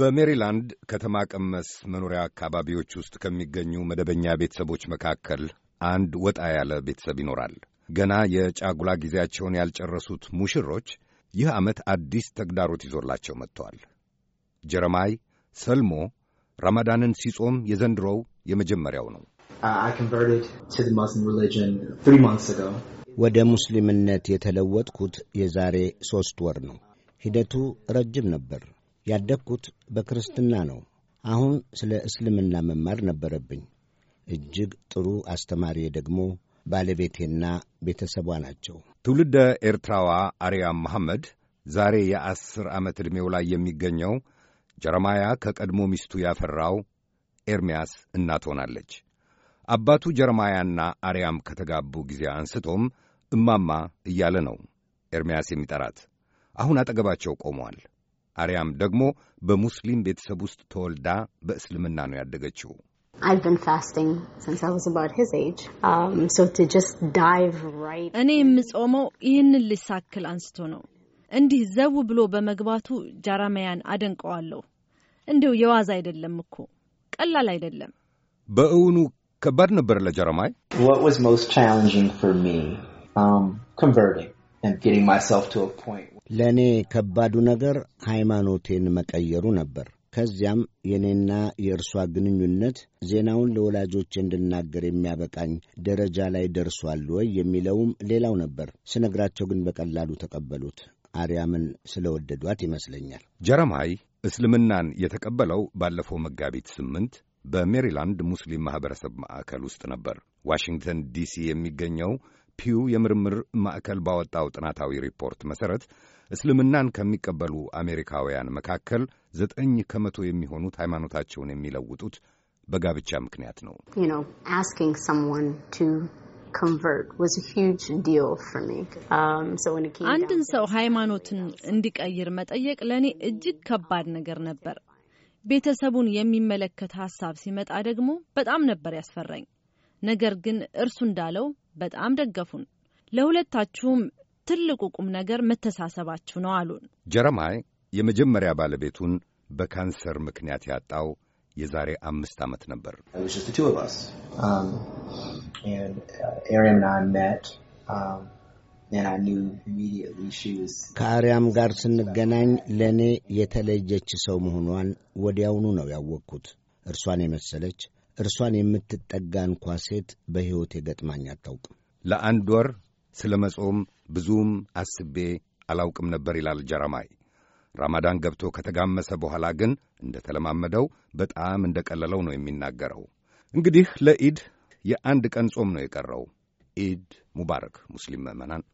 በሜሪላንድ ከተማ ቀመስ መኖሪያ አካባቢዎች ውስጥ ከሚገኙ መደበኛ ቤተሰቦች መካከል አንድ ወጣ ያለ ቤተሰብ ይኖራል። ገና የጫጉላ ጊዜያቸውን ያልጨረሱት ሙሽሮች ይህ ዓመት አዲስ ተግዳሮት ይዞላቸው መጥተዋል። ጀረማይ ሰልሞ ረመዳንን ሲጾም የዘንድሮው የመጀመሪያው ነው። uh, ወደ ሙስሊምነት የተለወጥኩት የዛሬ ሦስት ወር ነው። ሂደቱ ረጅም ነበር። ያደግኩት በክርስትና ነው። አሁን ስለ እስልምና መማር ነበረብኝ። እጅግ ጥሩ አስተማሪ ደግሞ ባለቤቴና ቤተሰቧ ናቸው። ትውልደ ኤርትራዋ አርያም መሐመድ ዛሬ የአስር ዓመት ዕድሜው ላይ የሚገኘው ጀረማያ ከቀድሞ ሚስቱ ያፈራው ኤርምያስ እናት ሆናለች። አባቱ ጀረማያና አርያም ከተጋቡ ጊዜ አንስቶም እማማ እያለ ነው ኤርምያስ የሚጠራት። አሁን አጠገባቸው ቆመዋል። አርያም ደግሞ በሙስሊም ቤተሰብ ውስጥ ተወልዳ በእስልምና ነው ያደገችው። um, እኔ የምጾመው ይህንን ልጅ ሳክል አንስቶ ነው። እንዲህ ዘው ብሎ በመግባቱ ጃራማያን አደንቀዋለሁ። እንዲሁ የዋዛ አይደለም እኮ ቀላል አይደለም። በእውኑ ከባድ ነበር ለጀረማይ። ለእኔ ከባዱ ነገር ሃይማኖቴን መቀየሩ ነበር። ከዚያም የእኔና የእርሷ ግንኙነት ዜናውን ለወላጆች እንድናገር የሚያበቃኝ ደረጃ ላይ ደርሷል ወይ የሚለውም ሌላው ነበር። ስነግራቸው ግን በቀላሉ ተቀበሉት። አርያምን ስለወደዷት ይመስለኛል። ጀረማይ እስልምናን የተቀበለው ባለፈው መጋቢት ስምንት በሜሪላንድ ሙስሊም ማኅበረሰብ ማዕከል ውስጥ ነበር። ዋሽንግተን ዲሲ የሚገኘው ፒው የምርምር ማዕከል ባወጣው ጥናታዊ ሪፖርት መሠረት እስልምናን ከሚቀበሉ አሜሪካውያን መካከል ዘጠኝ ከመቶ የሚሆኑት ሃይማኖታቸውን የሚለውጡት በጋብቻ ምክንያት ነው። um, አንድን ሰው ሃይማኖትን እንዲቀይር መጠየቅ ለእኔ እጅግ ከባድ ነገር ነበር። ቤተሰቡን የሚመለከት ሀሳብ ሲመጣ ደግሞ በጣም ነበር ያስፈራኝ። ነገር ግን እርሱ እንዳለው በጣም ደገፉን። ለሁለታችሁም ትልቁ ቁም ነገር መተሳሰባችሁ ነው አሉን። ጀረማይ የመጀመሪያ ባለቤቱን በካንሰር ምክንያት ያጣው የዛሬ አምስት ዓመት ነበር። um, uh, um, ከአርያም ጋር ስንገናኝ ለእኔ የተለየች ሰው መሆኗን ወዲያውኑ ነው ያወቅኩት። እርሷን የመሰለች እርሷን የምትጠጋ እንኳ ሴት በሕይወቴ ገጥማኝ አታውቅም። ለአንድ ወር ስለ መጾም ብዙም አስቤ አላውቅም ነበር ይላል ጀራማይ። ራማዳን ገብቶ ከተጋመሰ በኋላ ግን እንደ ተለማመደው በጣም እንደ ቀለለው ነው የሚናገረው። እንግዲህ ለኢድ የአንድ ቀን ጾም ነው የቀረው። ኢድ ሙባረክ ሙስሊም ምዕመናን።